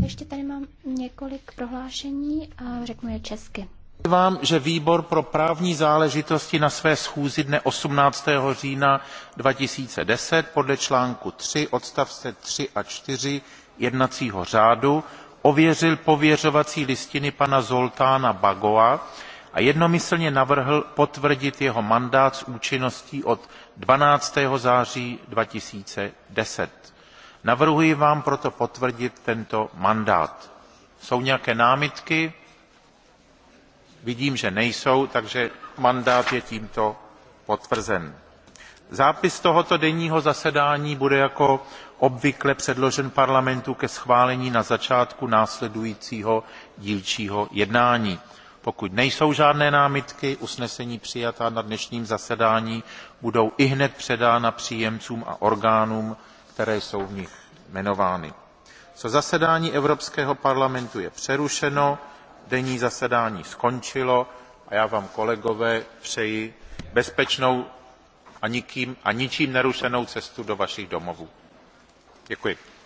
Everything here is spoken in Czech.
Ještě tady mám několik prohlášení a řeknu je česky. Vám, že výbor pro právní záležitosti na své schůzi dne 18. října 2010 podle článku 3 odstavce 3 a 4 jednacího řádu ověřil pověřovací listiny pana Zoltána Bagoa a jednomyslně navrhl potvrdit jeho mandát s účinností od 12. září 2010 navrhuji vám proto potvrdit tento mandát. jsou nějaké námitky? vidím že nejsou takže mandát je tímto potvrzen. zápis tohoto denního zasedání bude jako obvykle předložen parlamentu ke schválení na začátku následujícího dílčího jednání. pokud nejsou žádné námitky usnesení přijatá na dnešním zasedání budou ihned předána příjemcům a orgánům které jsou v nich jmenovány. co zasedání evropského parlamentu je přerušeno denní zasedání skončilo a já vám kolegové přeji bezpečnou a, nikým, a ničím nerušenou cestu do vašich domovů. děkuji.